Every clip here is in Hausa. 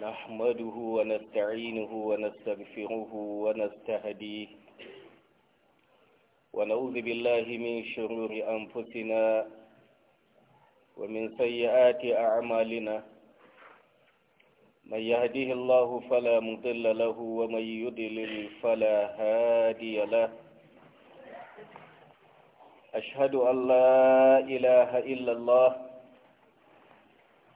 نحمده ونستعينه ونستغفره ونستهديه ونعوذ بالله من شرور أنفسنا ومن سيئات أعمالنا من يهده الله فلا مضل له ومن يضلل فلا هادي له أشهد أن لا إله إلا الله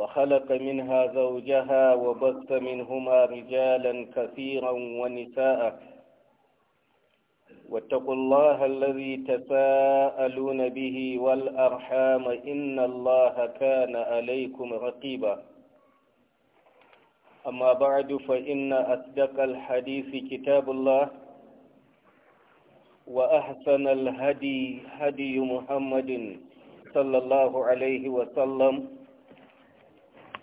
وخلق منها زوجها وبث منهما رجالا كثيرا ونساء واتقوا الله الذي تساءلون به والأرحام إن الله كان عليكم رقيبا أما بعد فإن أصدق الحديث كتاب الله وأحسن الهدي هدي محمد صلى الله عليه وسلم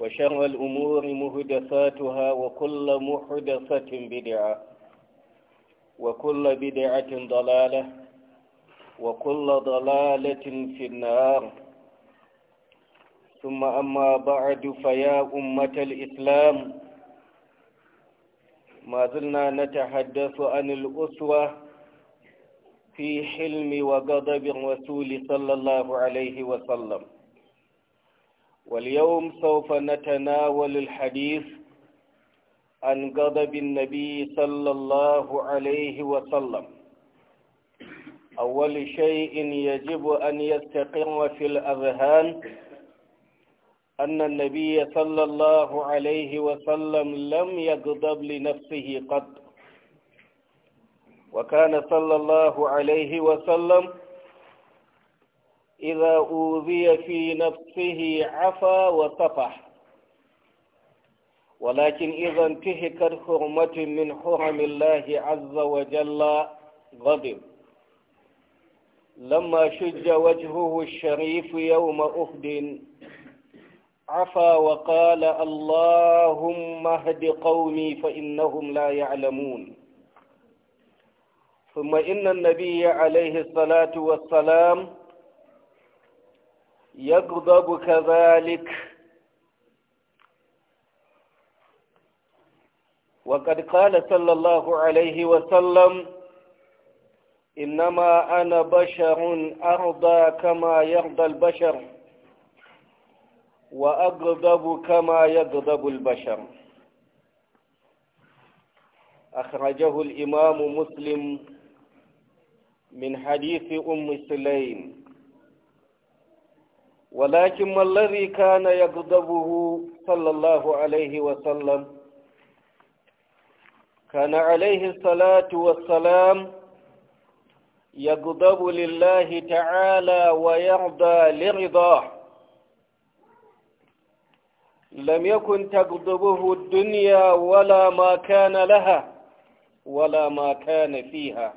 وشر الأمور مهدفاتها وكل محدثة بدعة وكل بدعة ضلالة وكل ضلالة في النار ثم أما بعد فيا أمة الإسلام ما زلنا نتحدث عن الأسوة في حلم وغضب الرسول صلى الله عليه وسلم واليوم سوف نتناول الحديث عن غضب النبي صلى الله عليه وسلم أول شيء يجب أن يستقر في الأذهان أن النبي صلى الله عليه وسلم لم يغضب لنفسه قط وكان صلى الله عليه وسلم إذا أوذي في نفسه عفا وصفح ولكن إذا انتهكت حرمة من حرم الله عز وجل غضب لما شج وجهه الشريف يوم أهد عفا وقال اللهم اهد قومي فإنهم لا يعلمون ثم إن النبي عليه الصلاة والسلام يغضب كذلك وقد قال صلى الله عليه وسلم إنما أنا بشر أرضى كما يرضى البشر وأغضب كما يغضب البشر أخرجه الإمام مسلم من حديث أم سليم ولكن ما الذي كان يغضبه صلى الله عليه وسلم كان عليه الصلاة والسلام يغضب لله تعالى ويرضى لرضاه لم يكن تغضبه الدنيا ولا ما كان لها ولا ما كان فيها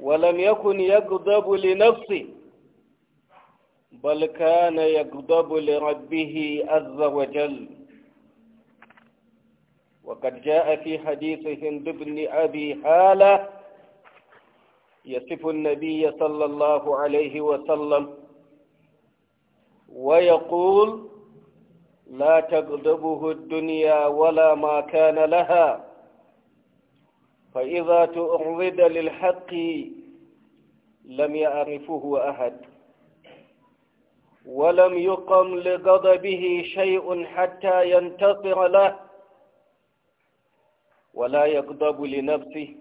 ولم يكن يغضب لنفسه بل كان يغضب لربه عز وجل وقد جاء في حديث هند بن أبي حالة يصف النبي صلى الله عليه وسلم ويقول لا تغضبه الدنيا ولا ما كان لها فإذا تعرض للحق لم يعرفه أحد ولم يقم لغضبه شيء حتى ينتصر له ولا يغضب لنفسه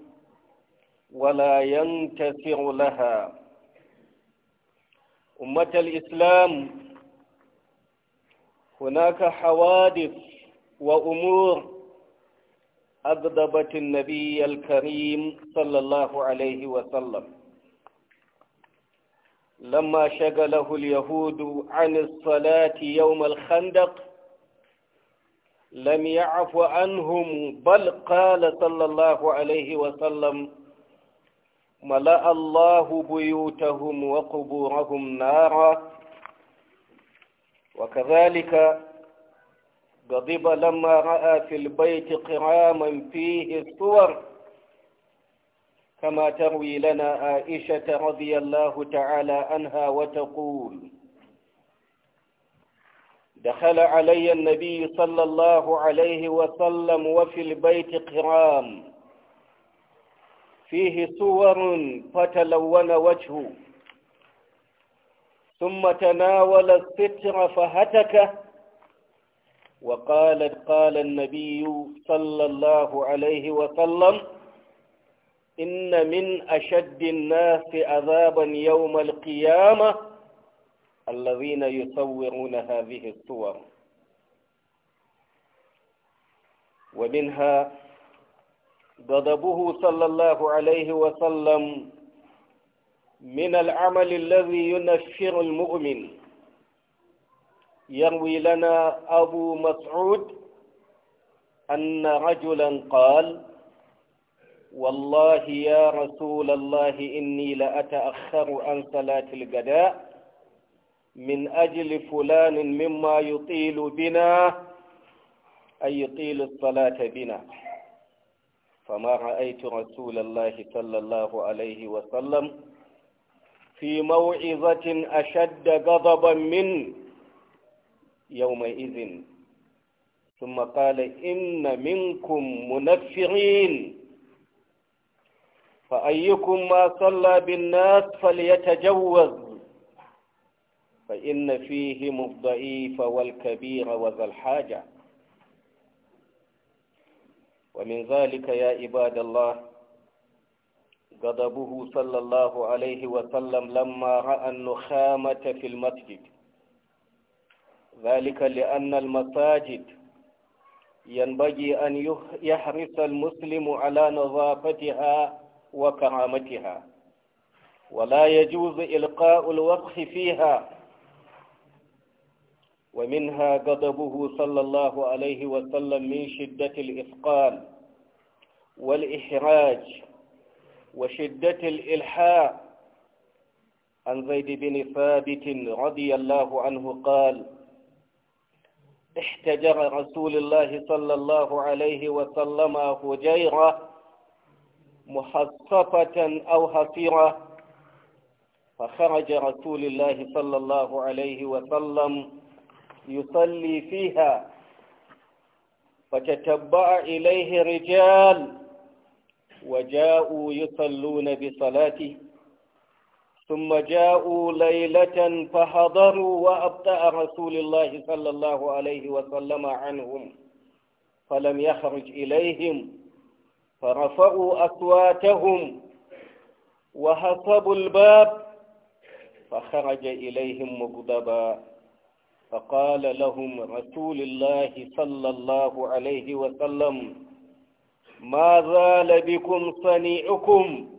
ولا ينتصر لها أمة الإسلام هناك حوادث وأمور أغضبت النبي الكريم صلى الله عليه وسلم لما شغله اليهود عن الصلاة يوم الخندق لم يعف عنهم بل قال صلى الله عليه وسلم ملأ الله بيوتهم وقبورهم نارا وكذلك غضب لما رأى في البيت قراما فيه الصور كما تروي لنا عائشة رضي الله تعالى عنها وتقول دخل علي النبي صلى الله عليه وسلم وفي البيت قرام فيه صور فتلون وجهه ثم تناول الستر فهتكه وقالت قال النبي صلى الله عليه وسلم إن من أشد الناس عذابا يوم القيامة الذين يصورون هذه الصور ومنها غضبه صلى الله عليه وسلم من العمل الذي ينفر المؤمن يروي لنا أبو مسعود أن رجلا قال والله يا رسول الله إني لأتأخر عن صلاة الغداء من أجل فلان مما يطيل بنا أي يطيل الصلاة بنا فما رأيت رسول الله صلى الله عليه وسلم في موعظة أشد غضبا من يومئذ ثم قال إن منكم منفرين فأيكم ما صلى بالناس فليتجوز فإن فيهم الضعيف والكبير وذا الحاجة ومن ذلك يا عباد الله غضبه صلى الله عليه وسلم لما رأى النخامة في المسجد ذلك لأن المساجد ينبغي أن يحرص المسلم على نظافتها وكرامتها ولا يجوز إلقاء الوقح فيها ومنها غضبه صلى الله عليه وسلم من شدة الإثقال والإحراج وشدة الإلحاء عن زيد بن ثابت رضي الله عنه قال احتجر رسول الله صلى الله عليه وسلم هجيره محصفة أو حصيرة فخرج رسول الله صلى الله عليه وسلم يصلي فيها فتتبع إليه رجال وجاءوا يصلون بصلاته ثم جاءوا ليلة فحضروا وأبطأ رسول الله صلى الله عليه وسلم عنهم فلم يخرج إليهم فرفعوا أصواتهم وهصبوا الباب فخرج إليهم مغضبا فقال لهم رسول الله صلى الله عليه وسلم ما زال بكم صنيعكم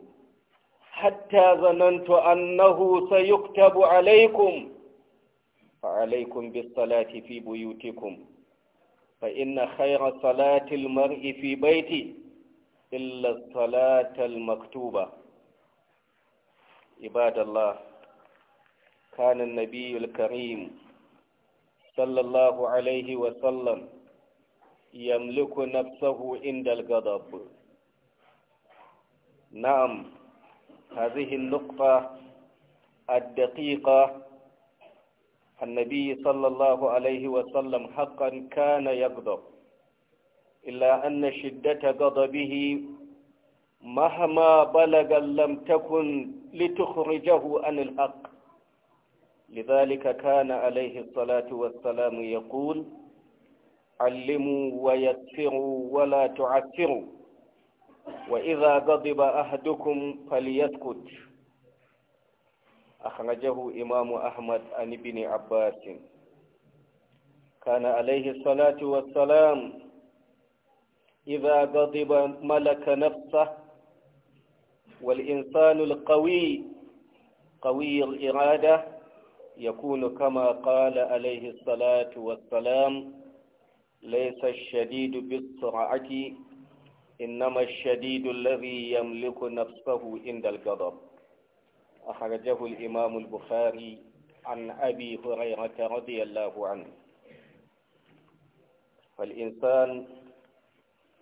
حتى ظننت أنه سيكتب عليكم فعليكم بالصلاة في بيوتكم فإن خير صلاة المرء في بيته إلا الصلاة المكتوبة عباد الله كان النبي الكريم صلى الله عليه وسلم يملك نفسه عند الغضب نعم هذه النقطة الدقيقة النبي صلى الله عليه وسلم حقا كان يغضب إلا أن شدة غضبه مهما بلغ لم تكن لتخرجه عن الحق لذلك كان عليه الصلاة والسلام يقول علموا ويسروا ولا تعسروا وإذا غضب أحدكم فليسكت أخرجه إمام أحمد عن ابن عباس كان عليه الصلاة والسلام إذا غضب ملك نفسه والإنسان القوي قوي الإرادة يكون كما قال عليه الصلاة والسلام ليس الشديد بالسرعة إنما الشديد الذي يملك نفسه عند الغضب أخرجه الإمام البخاري عن أبي هريرة رضي الله عنه فالإنسان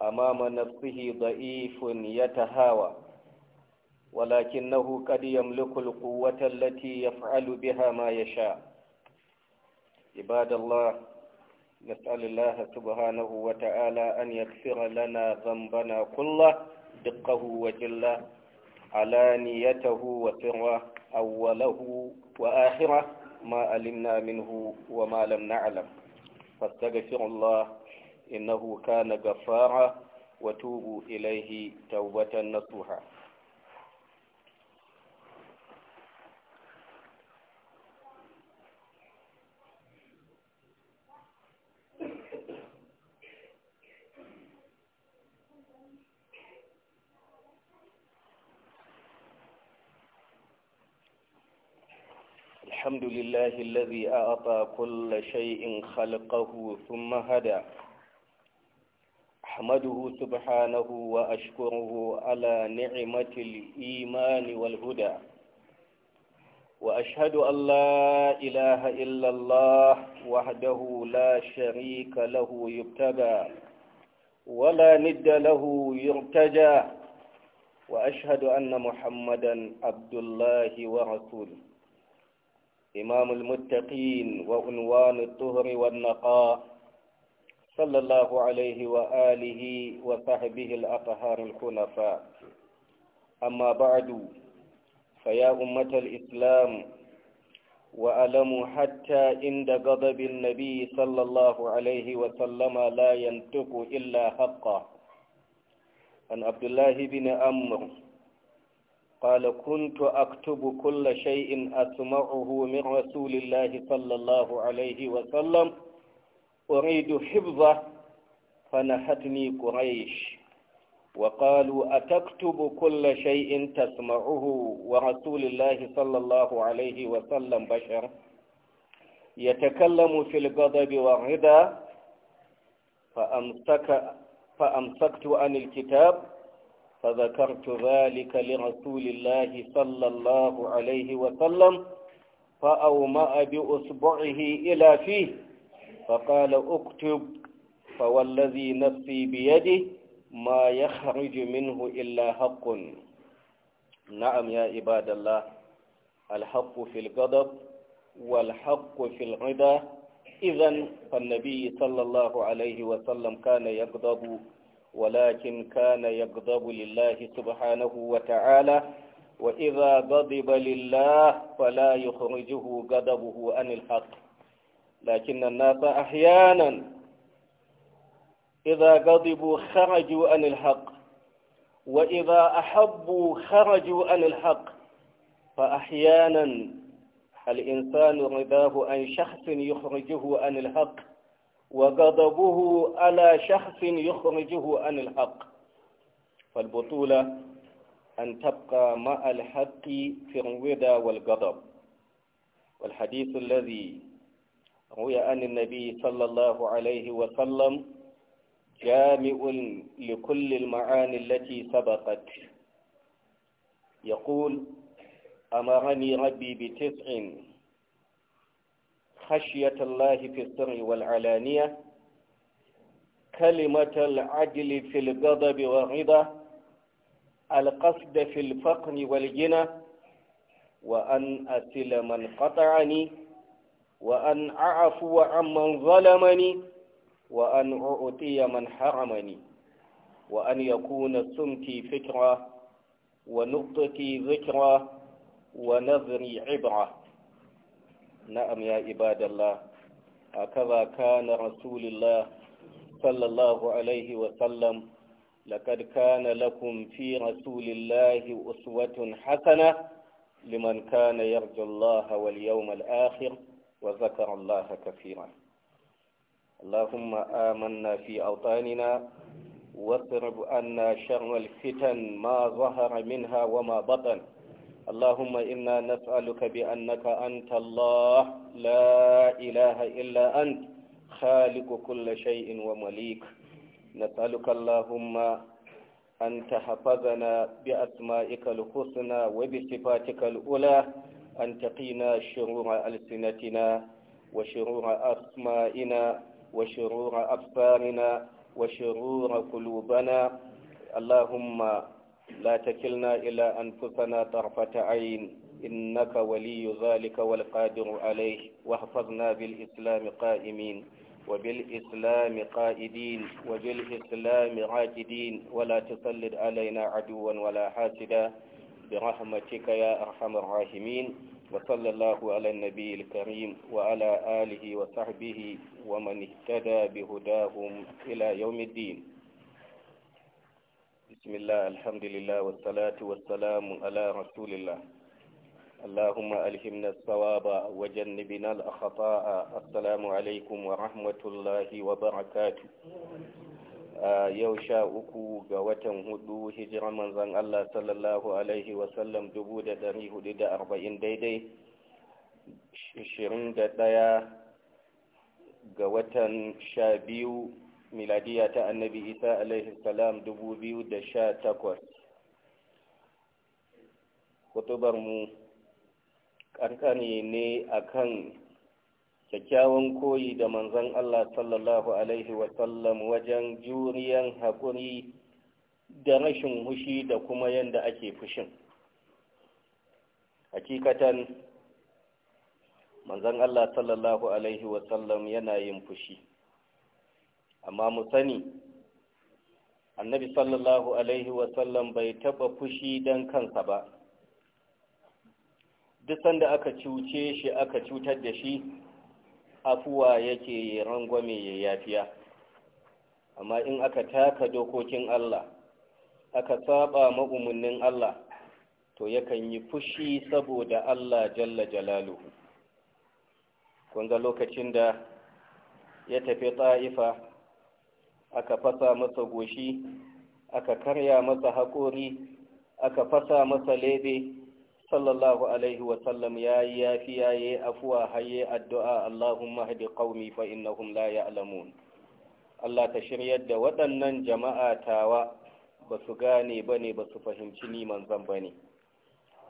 أمام نفسه ضعيف يتهاوى ولكنه قد يملك القوة التي يفعل بها ما يشاء عباد الله نسأل الله سبحانه وتعالى أن يغفر لنا ذنبنا كله دقه وجله علانيته وسره أوله وآخره ما علمنا منه وما لم نعلم فاستغفر الله إنه كان غفارا وتوبوا إليه توبة نصوحا الحمد لله الذي أعطى كل شيء خلقه ثم هدى أحمده سبحانه وأشكره على نعمة الإيمان والهدى وأشهد أن لا إله إلا الله وحده لا شريك له يبتدى ولا ند له يرتجى وأشهد أن محمدا عبد الله ورسوله إمام المتقين وعنوان الطهر والنقاء صلى الله عليه وآله وصحبه الأطهار الخلفاء أما بعد فيا أمة الإسلام وألموا حتى عند غضب النبي صلى الله عليه وسلم لا ينطق إلا حقا عن عبد الله بن أمر قال كنت أكتب كل شيء أسمعه من رسول الله صلى الله عليه وسلم أريد حفظه فنهتني قريش وقالوا أتكتب كل شيء تسمعه ورسول الله صلى الله عليه وسلم بشر يتكلم في الغضب والرضا فأمسك فأمسكت عن الكتاب فذكرت ذلك لرسول الله صلى الله عليه وسلم فأومأ بأصبعه إلى فيه فقال اكتب فوالذي نفسي بيده ما يخرج منه إلا حق نعم يا عباد الله الحق في الغضب والحق في الغضب إذا فالنبي صلى الله عليه وسلم كان يغضب ولكن كان يغضب لله سبحانه وتعالى وإذا غضب لله فلا يخرجه غضبه عن الحق لكن الناس أحيانا إذا غضبوا خرجوا عن الحق وإذا أحبوا خرجوا عن الحق فأحيانا الإنسان رضاه عن شخص يخرجه عن الحق وغضبه على شخص يخرجه عن الحق فالبطولة أن تبقى مع الحق في الرضا والغضب والحديث الذي روي عن النبي صلى الله عليه وسلم جامع لكل المعاني التي سبقت يقول أمرني ربي بتسع خشية الله في السر والعلانية كلمة العدل في الغضب والرضا القصد في الفقر والجنى وأن أسل من قطعني وأن أعفو عمن ظلمني وأن أعطي من حرمني وأن يكون سمتي فكرة ونقطتي ذكرى ونظري عبرة نعم يا عباد الله هكذا كان رسول الله صلى الله عليه وسلم لقد كان لكم في رسول الله أسوة حسنة لمن كان يرجو الله واليوم الآخر وذكر الله كثيرا اللهم آمنا في أوطاننا واصرف أن شر الفتن ما ظهر منها وما بطن اللهم إنا نسألك بأنك أنت الله لا إله إلا أنت خالق كل شيء ومليك نسألك اللهم أن تحفظنا بأسمائك الحسنى وبصفاتك الأولى أن تقينا شرور ألسنتنا وشرور أسمائنا وشرور أبصارنا وشرور قلوبنا اللهم لا تكلنا إلى أنفسنا طرفة عين إنك ولي ذلك والقادر عليه واحفظنا بالإسلام قائمين وبالإسلام قائدين وبالإسلام راكدين ولا تسلد علينا عدوا ولا حاسدا برحمتك يا أرحم الراحمين وصلى الله على النبي الكريم وعلى آله وصحبه ومن اهتدى بهداهم إلى يوم الدين بسم الله الحمد لله والصلاة والسلام على رسول الله اللهم ألهمنا الصواب وجنبنا الأخطاء السلام عليكم ورحمة الله وبركاته yau sha uku ga watan hudu hijiran manzan Allah sallallahu Alaihi wasallam dubu da dari hudu da arba'in daidai shirin da ɗaya ga watan sha biyu miladiya ta annabi isa alaihi salam dubu biyu da sha takwas kutubarmu ƙarƙani ne akan kyakkyawan koyi da manzon Allah sallallahu alaihi wasallam wajen juriyan haƙuri da rashin hushi da kuma yadda ake fushin hakikatan manzon Allah sallallahu alaihi wasallam yana yin fushi amma mu sani annabi sallallahu alaihi wasallam bai taɓa fushi don kansa ba duk sanda aka cuce shi aka cutar da shi afuwa yake rangwame ya yafiya amma in aka taka dokokin Allah aka saba ma'umunnin Allah to yakan yi fushi saboda Allah jalla jalaluhu kunga lokacin da ya tafi ta'ifa aka fasa masa goshi aka karya masa haƙori aka fasa masa lebe sallallahu alaihi wasallam ya yi yafi ya yi afuwa haye addu'a Allahumma haɗi ƙaumi fa innahum la ya'lamun Allah ta shiryar da waɗannan jama'a tawa ba su gane ba ne ba su fahimci ni manzan ba ne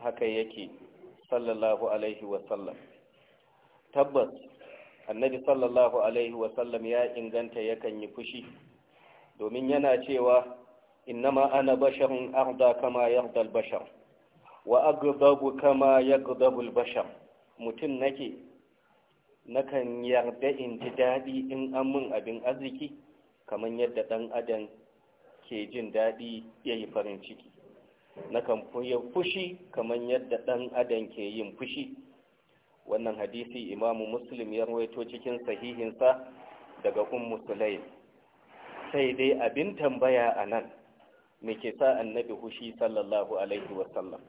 haka yake sallallahu alaihi wasallam tabbas annabi sallallahu alaihi wasallam ya inganta yakan yi fushi domin yana cewa innama ana basharun arda kama yardal bashar wa agdabu kama yagdabu albashar mutum nake nakan yarda in ji daɗi in an mun abin arziki kamar yadda ɗan adam ke jin daɗi ya yi farin ciki nakan ya fushi kaman yadda ɗan adam ke yin fushi wannan hadisi imamu muslim ya rawaito cikin sahihinsa daga ummu sulaim sai dai abin tambaya a nan me ke sa annabi hushi sallallahu alaihi wasallam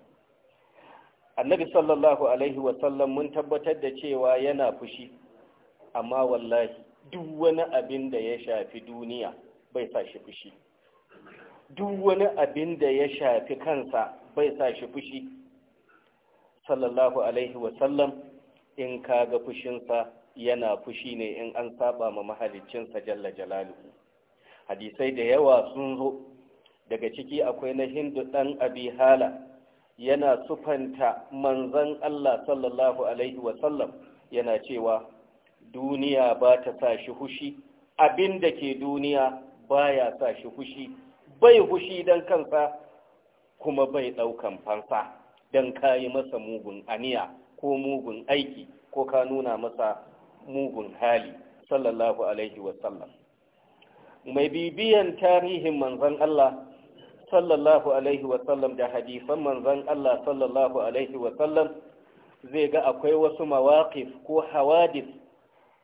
annabi sallallahu alaihi wasallam mun tabbatar da cewa yana fushi amma wallahi duk wani abin da ya shafi duniya bai sa shi fushi duk wani abin da ya shafi kansa bai sa shi fushi sallallahu alaihi wasallam in kaga fushinsa yana fushi ne in an saba ma mahaliccinsa jalla jalaluhu hadisai da yawa sun zo daga ciki akwai na hindu dan abi hala yana sufanta manzan Allah sallallahu alaihi wasallam yana cewa duniya ba ta sa shi hushi abin da ke duniya ba ya sa shi hushi bai hushi don kansa kuma bai ɗaukan fansa don ka yi masa mugun aniya ko mugun aiki ko ka nuna masa mugun hali sallallahu alaihi wasallam mai bibiyan tarihin manzan Allah sallallahu alaihi wasallam da hadisan manzan Allah sallallahu alaihi wasallam zai ga akwai wasu mawaƙif ko hawadis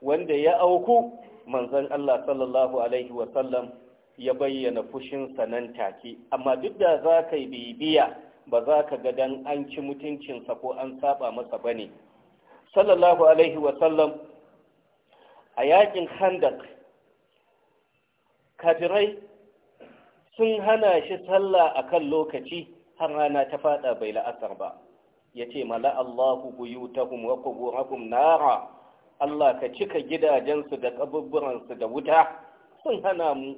wanda ya auku manzan Allah sallallahu alaihi wasallam ya bayyana fushinsa nan take amma duk da za ka yi bibiya ba za ka ga dan an ci mutuncinsa ko an saba masa ba ne sallallahu alaihi wasallam a yakin handak kafirai sun hana shi sallah a kan lokaci har rana ta fada bai la'asar ba ya ce mala Allahu buyutahum wa quburahum nara Allah ka cika gidajensu da kaburburansu da wuta sun hana mu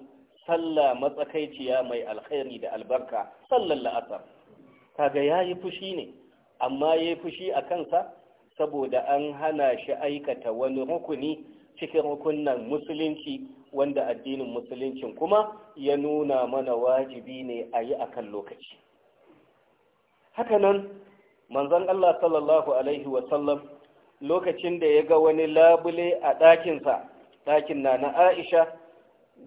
sallah matsakaiciya mai alkhairi da albarka sallar la'asar kaga yayi fushi ne amma yayi fushi a kansa saboda an hana shi aikata wani rukuni cikin rukunan musulunci wanda addinin musuluncin kuma ya nuna mana wajibi ne a yi a kan lokaci hakanan manzon Allah sallallahu Alaihi wasallam lokacin da ya ga wani labule a ɗakinsa ɗakin na na aisha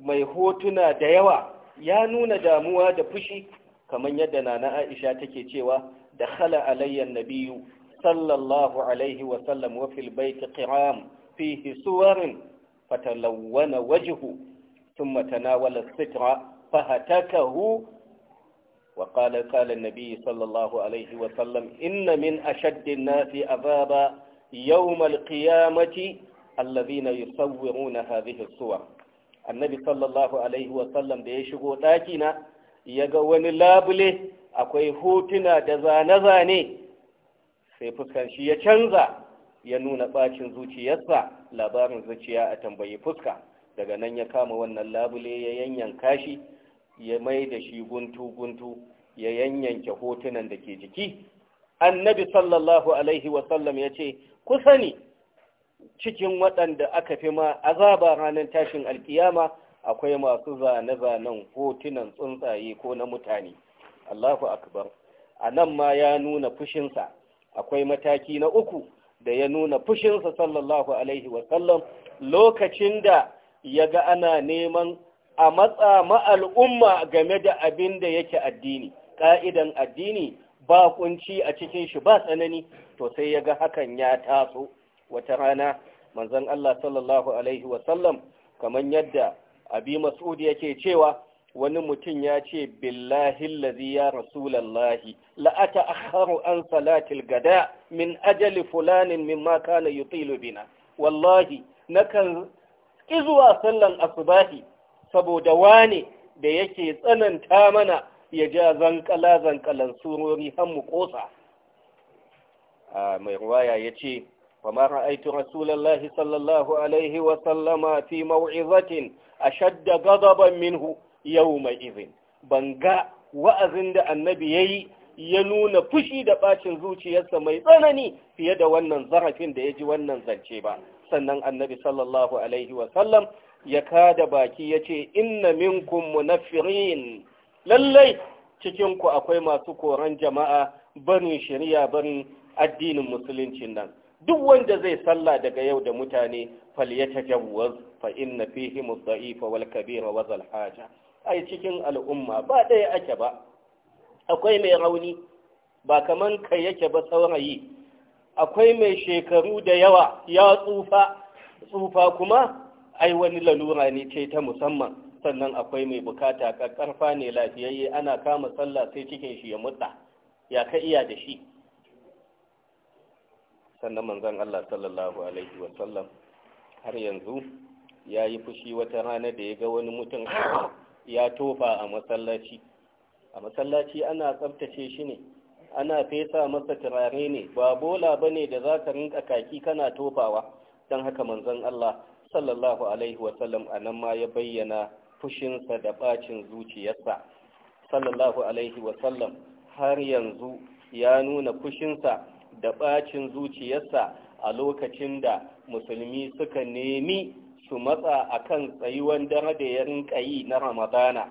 mai hotuna da yawa ya nuna damuwa da fushi kamar yadda na na aisha take cewa da khala alayyan nabiyu sallallahu alaihi wasallam wa baiti qiram fihi suwarin fatalawwana wajhu na tanawala sitra fahatakahu wa qala qala an-nabi sallallahu alayhi wa sallam inna min ashaddi an-nasi azaba yawm al-qiyamati alladhina yusawwiruna hadhihi as-suwar annabi sallallahu alaihi wa sallam da ya shigo ɗakina ya ga wani labule akwai hotuna da zane-zane sai fuskan shi ya canza ya nuna bacin zuciyarsa labarin zuciya a tambayi fuska daga nan ya kama wannan labule ya yanyanka shi ya mai da shi guntu-guntu ya yanyanke hotunan da ke jiki annabi sallallahu alaihi wasallam ya ce ku sani cikin waɗanda aka fi ma azaba ranar tashin alkiyama akwai masu zane-zanen hotunan tsuntsaye ko na mutane Allahu akbar a nan ma ya nuna fushinsa akwai mataki na uku da ya nuna fushinsa sallallahu alaihi wasallam lokacin da ya ga ana neman a matsa ma'al'umma game da abin da yake addini ƙa'idan addini ba kunci a cikin shi ba tsanani to sai ya ga hakan ya taso wata rana manzon Allah sallallahu alaihi wasallam kamar yadda abi mas'ud yake cewa wani mutum ya ce billahi lazi ya rasulallahi la'ata akharu an salatil gada min ajali fulanin mimma kana yutilu bina wallahi nakan izuwa sallan asubahi saboda wane da yake tsananta mana ya ja zankala zankalan surori har mu kosa mai ruwaya ya ce وما رأيت رسول sallallahu alaihi الله عليه وسلم في موعظة أشد غضبا yau mai izin ban ga wa'azin da annabi ya yi ya nuna fushi da ɓacin zuciyarsa mai tsanani fiye da wannan zarafin da ya ji wannan zance ba sannan annabi sallallahu alaihi wasallam ya kada baki ya ce inna minkum munafirin lallai cikinku akwai masu koran jama'a barin shari'a barin addinin musulunci nan duk wanda zai sallah daga yau da mutane fal yatajawwaz fa inna fihi mudda'ifa wal kabira wa zal haja a cikin al'umma ba ɗaya ake ba akwai mai rauni ba kaman kai yake ba saurayi akwai mai shekaru da yawa ya tsufa tsufa kuma ai wani lalura ne ce ta musamman sannan akwai mai bukata ƙarfa ne lafiyayye ana kama sallah sai cikin shi ya mutsa ya ka iya da shi sannan manzon Allah sallallahu alaihi wasallam har yanzu ya yi fushi wata rana da ya ga wani mutum ya tofa a masallaci a masallaci ana tsabtace shi ne ana fesa masa turare ne ba bola ba ne da za ka rinka kaki kana tofawa don haka manzon Allah sallallahu alaihi wasallam a nan ma ya bayyana fushinsa da ɓacin zuciyarsa sallallahu alaihi wasallam har yanzu ya nuna fushinsa da ɓacin zuciyarsa a lokacin da musulmi suka nemi su matsa kan tsayuwan dare da ya rinka yi na ramadana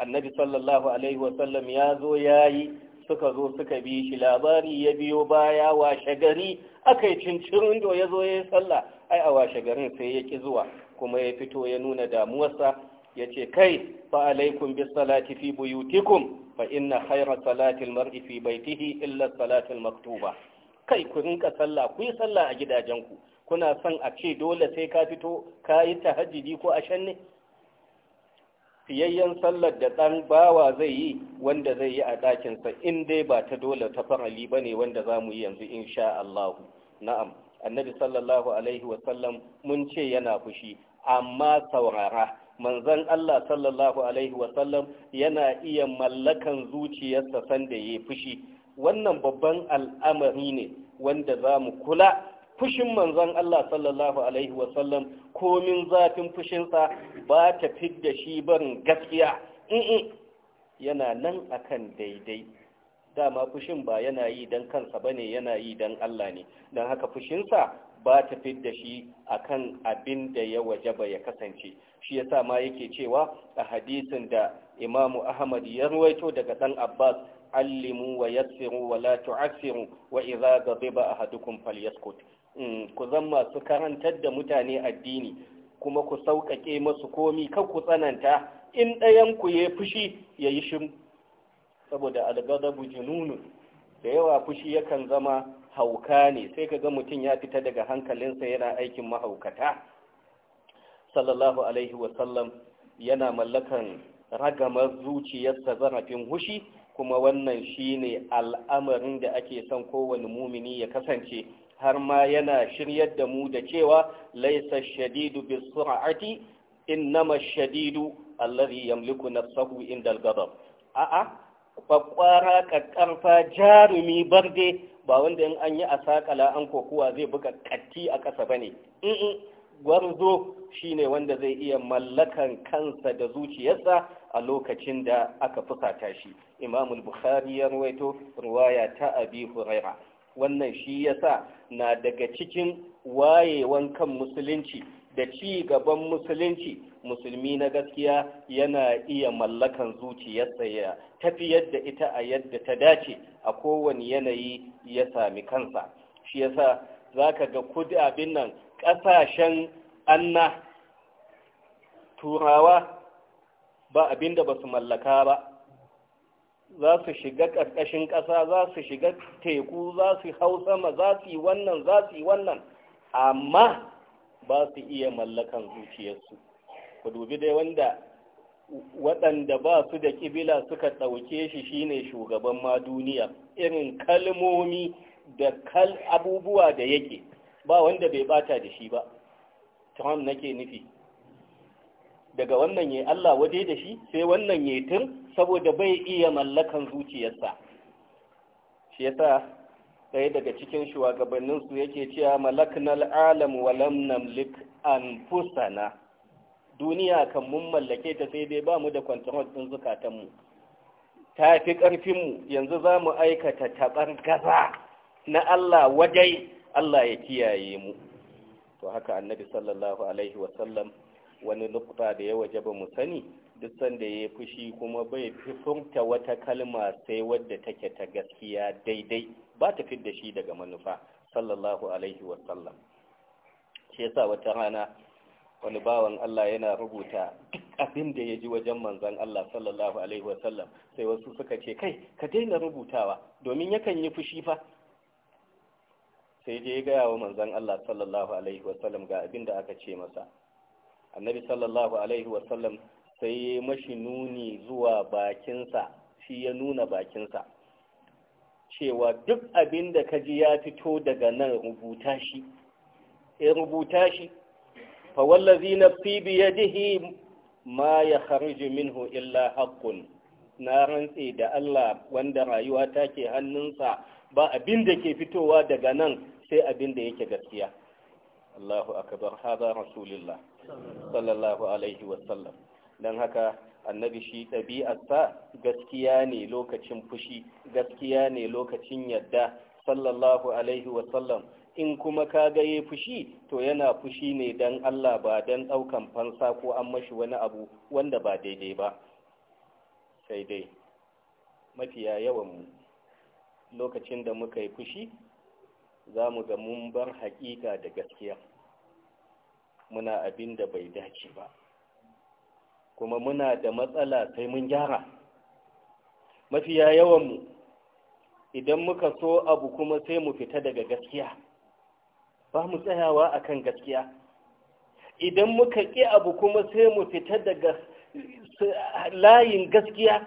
annabi sallallahu alaihi wasallam ya zo ya yi suka zo suka bi shi labari ya biyo baya washe gari aka yi cincirin do ya zo ya yi sallah ai a washe garin sai ya ki zuwa kuma ya fito ya nuna damuwarsa ya ce kai fa alaikum bis salati fi buyutikum fa inna khayra salati almar'i fi baitihi illa salati maktuba kai ku rinka sallah ku yi sallah a gidajenku kuna son a ce dole sai ka fito ka yi tahajjidi ko a shanne fiyayyen sallar da ɗan bawa zai yi wanda zai yi a ɗakinsa in dai ba ta dole ta farali ba ne wanda za mu yi yanzu insha Allah na'am annabi sallallahu alaihi wasallam mun ce yana fushi amma saurara manzon Allah sallallahu alaihi wasallam yana iya mallakan zuciyarsa sanda ya fushi wannan babban al'amari ne wanda za mu kula fushin manzon Allah sallallahu alaihi wasallam komin zafin fushinsa ba ta fidda shi barin gaskiya yana nan akan daidai dama fushin ba yana yi don kansa ba yana yi dan Allah ne Dan haka fushinsa ba ta fidda shi akan abin da ya wajaba ya kasance shi yasa ma yake cewa a hadisin da imamu ahmad ya ruwaito daga dan abbas allimu wa yassiru wa la tu'assiru wa idza ghadiba ahadukum falyaskut ku zan masu karantar da mutane addini kuma ku sauƙaƙe masu komi kan ku tsananta in ɗayan ku ya fushi ya yi shi saboda algadabu jununun da yawa fushi yakan zama hauka ne sai ka ga mutum ya fita daga hankalinsa yana aikin mahaukata sallallahu alaihi wasallam yana mallakan ragamar zuciyarsa zarafin hushi kuma wannan shi ne al'amarin da ake son kowane mumini ya kasance har ma yana shiryar da mu da cewa laisa shadidu bi sur'ati innama shadidu allazi yamliku nafsahu inda al-ghadab a'a kwakwara kakkarfa jarumi barde ba wanda in an yi a sakala an kokuwa zai buga katti a ƙasa bane in gwarzo shine wanda zai iya mallakan kansa da zuciyarsa a lokacin da aka fusata shi imamul bukhari ya ruwaito ruwaya ta abi huraira wannan shi yasa na daga cikin wayewan kan musulunci da ci gaban musulunci musulmi na gaskiya yana iya mallakan zuciyarsa ya tafi yadda ita a yadda ta dace a kowane yanayi ya sami kansa shi yasa zaka ga kudi abin nan ƙasashen anna turawa ba abin da ba su mallaka ba za su shiga ƙarƙashin ƙasa za su shiga teku za su hau sama za su yi wannan za su yi wannan amma ba su iya mallakan zuciyarsu ku dubi dai wanda waɗanda ba su da ƙibila suka ɗauke shi shine shugaban ma duniya irin kalmomi da kal abubuwa da yake ba wanda bai bata da shi ba tom nake nufi daga wannan ya Allah waje da shi sai wannan ya tun saboda bai iya mallakan zuciyarsa shi yasa ɗaya daga cikin shugabanninsu yake cewa malaknal alam walam namlik anfusana duniya kan mun mallake ta sai dai ba mu da din ɗin mu ta fi mu yanzu za mu aikata tabar gaza na Allah wajai Allah ya kiyaye mu to haka annabi sallallahu alaihi wasallam wani nukta da ya waje ba mu sani duk sanda ya fushi kuma bai furta wata kalma sai wadda take ta gaskiya daidai ba ta fidda shi daga manufa sallallahu alaihi wasallam shi yasa wata rana wani bawan Allah yana rubuta duk abin da ya ji wajen manzan Allah sallallahu alaihi wasallam sai wasu suka ce kai ka daina rubutawa domin yakan yi fushi fa sai je gaya wa manzan Allah sallallahu alaihi wasallam ga abin da aka ce masa annabi sallallahu alaihi wasallam sai ya mashi nuni zuwa bakinsa shi ya nuna bakinsa cewa duk abin da ka ji ya fito daga nan rubuta shi ya rubuta shi fawallazi na fi biyadihi ma ya harji minhu illa haqqun na rantse da Allah wanda rayuwa take hannunsa ba abin da ke fitowa daga nan sai abin da yake gaskiya Allahu akabar haɗa rasulullah sallallahu alaihi wasallam don haka annabi shi sa gaskiya ne lokacin fushi gaskiya ne lokacin yadda sallallahu alaihi wasallam in kuma ka gaye fushi to yana fushi ne don Allah ba don ɗaukan fansa ko an mashi wani abu wanda ba daidai ba sai dai mafiya yawan lokacin da muka yi fushi za mu ga mun bar haƙiƙa da gaskiya muna abin da bai dace ba kuma muna da matsala sai mun gyara mafiya yawanmu idan muka so abu kuma sai mu fita daga gaskiya ba mu tsayawa akan gaskiya idan muka ƙi abu kuma sai mu fita daga layin gaskiya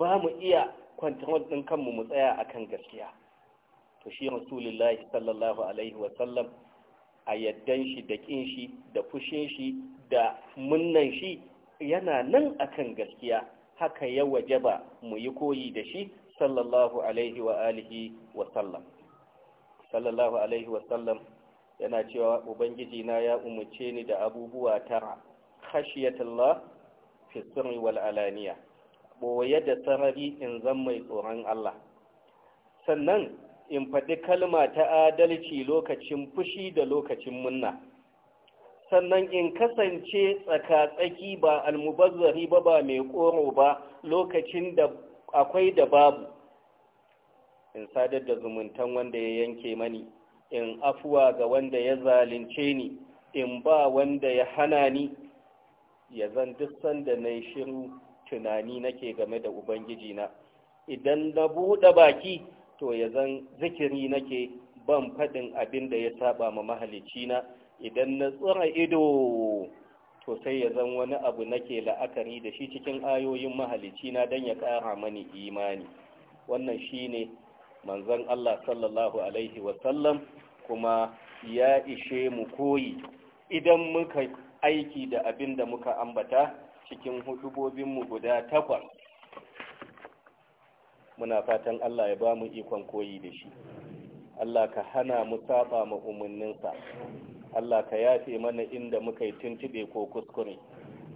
ba mu iya kwantar ɗin kanmu mu tsaya akan gaskiya to shi rasulullahi sallallahu alaihi wasallam a yaddan shi da ƙin shi da fushin shi da munnan shi yana nan akan gaskiya haka ya waje ba, mu yi koyi da shi sallallahu alaihi wa alihi wa sallam sallallahu alaihi wa sallam yana cewa ubangiji na ya umarce ni da abubuwa tara khashiyatullah fi sirri wal alaniya boye da sarari in zan mai tsoron Allah sannan in faɗi kalma ta adalci lokacin fushi da lokacin munna sannan in kasance tsakatsaki ba almubazzari ba ba mai koro ba lokacin da akwai da babu in sadar da zumuntan wanda ya yanke mani in afuwa ga wanda ya zalunce ni in ba wanda ya hana ni ya zan duk sanda na shiru tunani nake game da ubangiji na idan na buɗe baki to ya zan zikiri nake ban faɗin abin da ya saba ma mahalicina idan na tsira ido to sai ya zan wani abu nake la'akari da shi cikin ayoyin mahalici na don ya ƙara mani imani wannan shi shine manzon Allah sallallahu alaihi wasallam kuma ya ishe mu koyi idan muka aiki da abin da muka ambata cikin hudubobinmu guda takwas muna fatan Allah ya ba mu ikon koyi da shi Allah ka hana mu saba ma umarninsa Allah ka yafe mana inda muka yi tuntube ko kuskure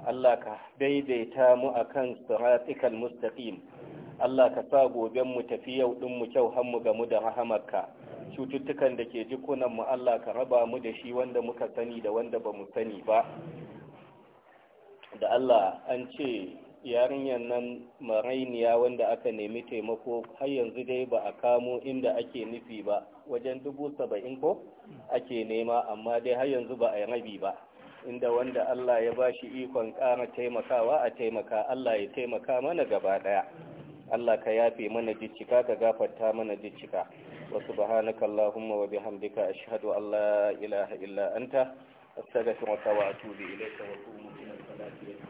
Allah ka daidaita mu a kan siratikal mustaqim Allah ka sa goben mu tafi yau din mu kyau ga mu da rahamarka cututtukan da ke jikunan mu Allah ka raba mu da shi wanda muka sani da wanda ba mu sani ba da Allah an ce yarinyar nan marainiya wanda aka nemi taimako har yanzu dai ba a kamo inda ake nufi ba wajen dubu saba'in ko ake nema amma dai har yanzu ba a yi rabi ba inda wanda Allah ya ba shi ikon kara taimakawa a taimaka Allah ya taimaka mana gaba daya Allah ka yafe mana jicika ka gafarta mana jicika wa subhanaka allahumma wa bihamdika ashhadu an la ilaha illa anta astaghfiruka wa atubu ilayka wa qumu salati